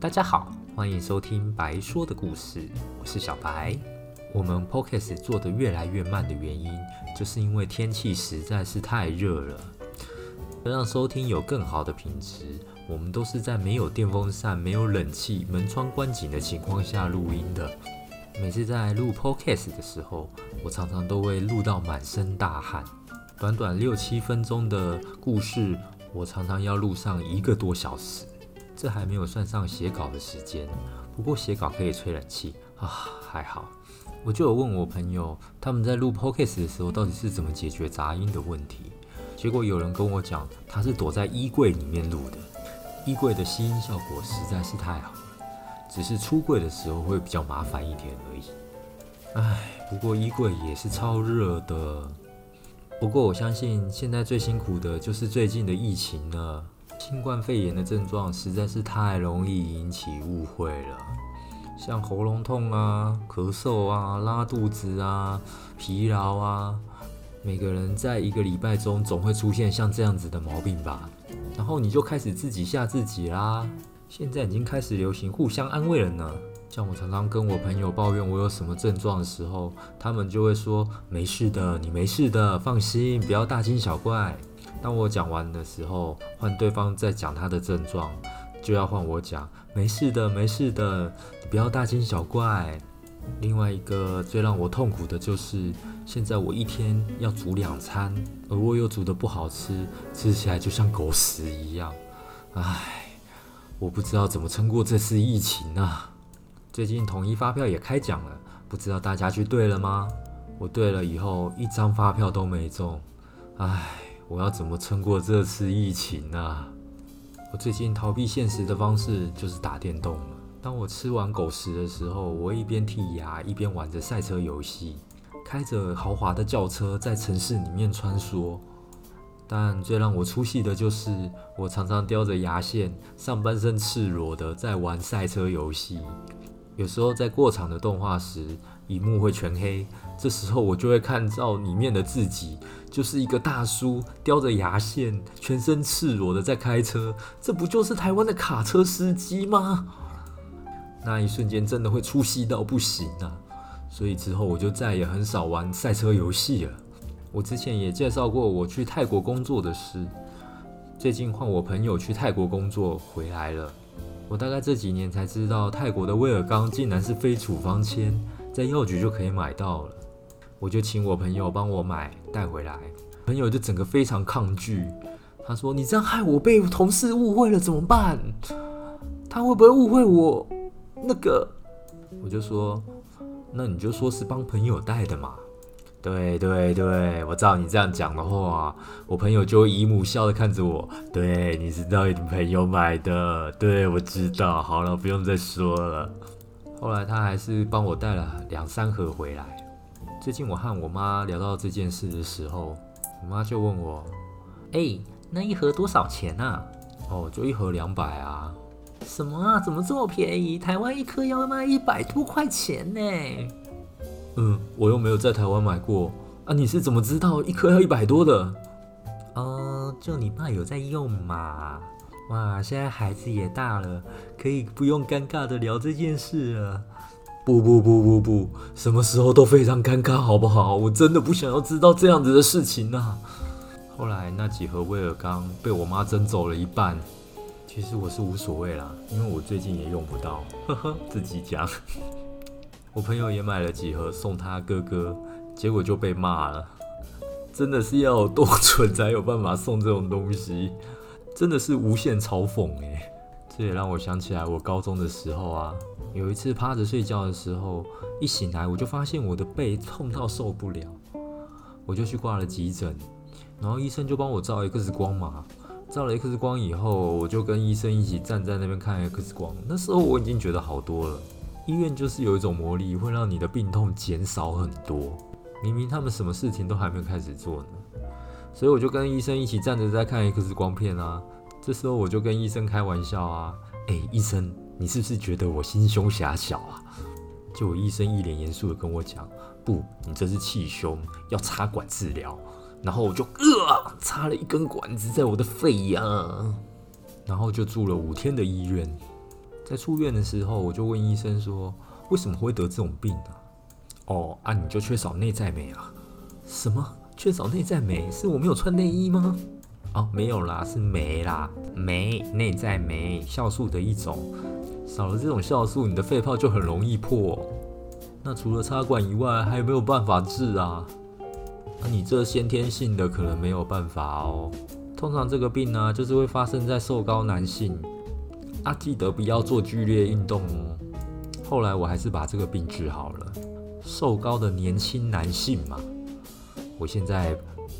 大家好，歡迎收聽白說的故事，我是小白。我們 Podcast 做得越來越慢的原因，就是因為天氣實在是太熱了。讓收聽有更好的品質，我們都是在沒有電風扇、沒有冷氣、門窗關緊的情況下錄音的。每次在錄 Podcast 的時候，我常常都會錄到滿身大汗。短短六七分鐘的故事，我常常要錄上一個多小時。這還沒有算上寫稿的時間，不過寫稿可以吹冷氣啊，還好。我就有問我朋友，他們在錄 podcast 的時候到底是怎麼解決雜音的問題？結果有人跟我講，他是躲在衣櫃裡面錄的，衣櫃的吸音效果實在是太好了，只是出櫃的時候會比較麻煩一點而已。唉，不過衣櫃也是超熱的。不過我相信現在最辛苦的就是最近的疫情了。新冠肺炎的症狀實在是太容易引起誤會了，像喉嚨痛啊、咳嗽啊、拉肚子啊、疲勞啊，每個人在一個禮拜中總會出現像這樣子的毛病吧。然後你就開始自己嚇自己啦。現在已經開始流行互相安慰了呢。像我常常跟我朋友抱怨我有什麼症狀的時候，他們就會說：“沒事的，你沒事的，放心，不要大驚小怪。”當我講完的時候，換對方在講他的症狀，就要換我講。沒事的，沒事的，你不要大驚小怪。另外一個最讓我痛苦的就是，現在我一天要煮兩餐，而我又煮得不好吃，吃起來就像狗屎一樣。唉，我不知道怎麼撐過這次疫情啊！最近統一發票也開獎了，不知道大家去兌了嗎？我兌了以後，一張發票都沒中。唉。我要怎麼撐過這次疫情呢？啊。我最近逃避現實的方式就是打電動。當我吃完狗食的時候，我一邊剔牙，一邊玩着賽車遊戲，開着豪華的轎車在城市裡面穿梭。但最讓我出戲的就是，我常常叼着牙線，上半身赤裸的在玩賽車遊戲。有時候在過場的動畫時。螢幕會全黑，這時候我就會看到裡面的自己，就是一個大叔叼着牙線，全身赤裸的在開車，這不就是台灣的卡車司機嗎？那一瞬間真的會出戲到不行啊！所以之後我就再也很少玩賽車遊戲了。我之前也介紹過我去泰國工作的事，最近換我朋友去泰國工作回來了，我大概這幾年才知道泰國的威爾鋼竟然是非處方簽。在藥局就可以買到了，我就請我朋友幫我買帶回來，朋友就整個非常抗拒，他說：“你這樣害我被同事誤會了，怎麼辦？他會不會誤會我？”那個，我就說：“那你就說是幫朋友帶的嘛。對”對對對，我照你這樣講的話，我朋友就會姨母笑的看着我。對，你是知道你的朋友買的，對我知道，好了，不用再說了。後來他還是幫我帶了兩三盒回來。最近我和我媽聊到這件事的時候，我媽就問我：“欸，那一盒多少錢啊？”“哦，就一盒兩百啊。”“什麼啊？怎麼這麼便宜？台灣一顆要賣一百多塊錢呢。”“嗯，我又沒有在台灣買過啊，你是怎麼知道一顆要一百多的？”“哦，就你爸有在用嘛。”哇，現在孩子也大了，可以不用尷尬的聊這件事了。不不不不不，什麼時候都非常尷尬，好不好？我真的不想要知道這樣子的事情啊。後來那幾盒威爾鋼被我媽爭走了一半，其實我是無所謂啦，因為我最近也用不到，呵呵，自己講。我朋友也買了幾盒送他哥哥，結果就被罵了。真的是要多蠢才有辦法送這種東西。真的是無限嘲諷誒，這也讓我想起來我高中的時候啊，有一次趴着睡覺的時候，一醒來我就發現我的背痛到受不了，我就去掛了急診，然後醫生就幫我照 X 光嘛。照了 X 光以後，我就跟醫生一起站在那邊看 X 光。那時候我已經覺得好多了，醫院就是有一種魔力，會讓你的病痛減少很多。明明他們什麼事情都還沒有開始做呢。所以我就跟醫生一起站着在看 X 光片啊，這時候我就跟醫生開玩笑啊，哎、欸，醫生，你是不是覺得我心胸狹小啊？結果醫生一臉嚴肅的跟我講，不，你這是氣胸，要插管治療。然後我就呃，插了一根管子在我的肺呀、啊，然後就住了五天的醫院。在出院的時候，我就問醫生說，為什麼會得這種病啊？哦，啊，你就缺少內在美啊？什麼？缺少內在美，是我沒有穿內衣嗎？哦，沒有啦，是酶啦，酶，內在酶，酵素的一種。少了這種酵素，你的肺泡就很容易破。哦。那除了插管以外，還有沒有辦法治啊？啊，你這先天性的可能沒有辦法哦。通常這個病呢，啊，就是會發生在瘦高男性。啊，記得不要做劇烈運動哦。後來我還是把這個病治好了。瘦高的年輕男性嘛。我現在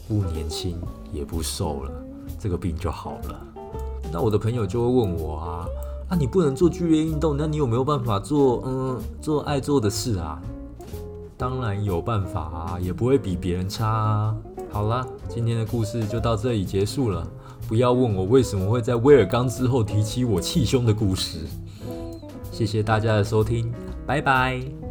不年輕也不瘦了，這個病就好了。那我的朋友就會問我啊，那、啊、你不能做劇烈運動，那你有沒有辦法做嗯做愛做的事啊？當然有辦法啊，也不會比別人差、啊。好了，今天的故事就到這裡結束了。不要問我為什麼會在威爾鋼之後提起我氣胸的故事。謝謝大家的收聽，拜拜。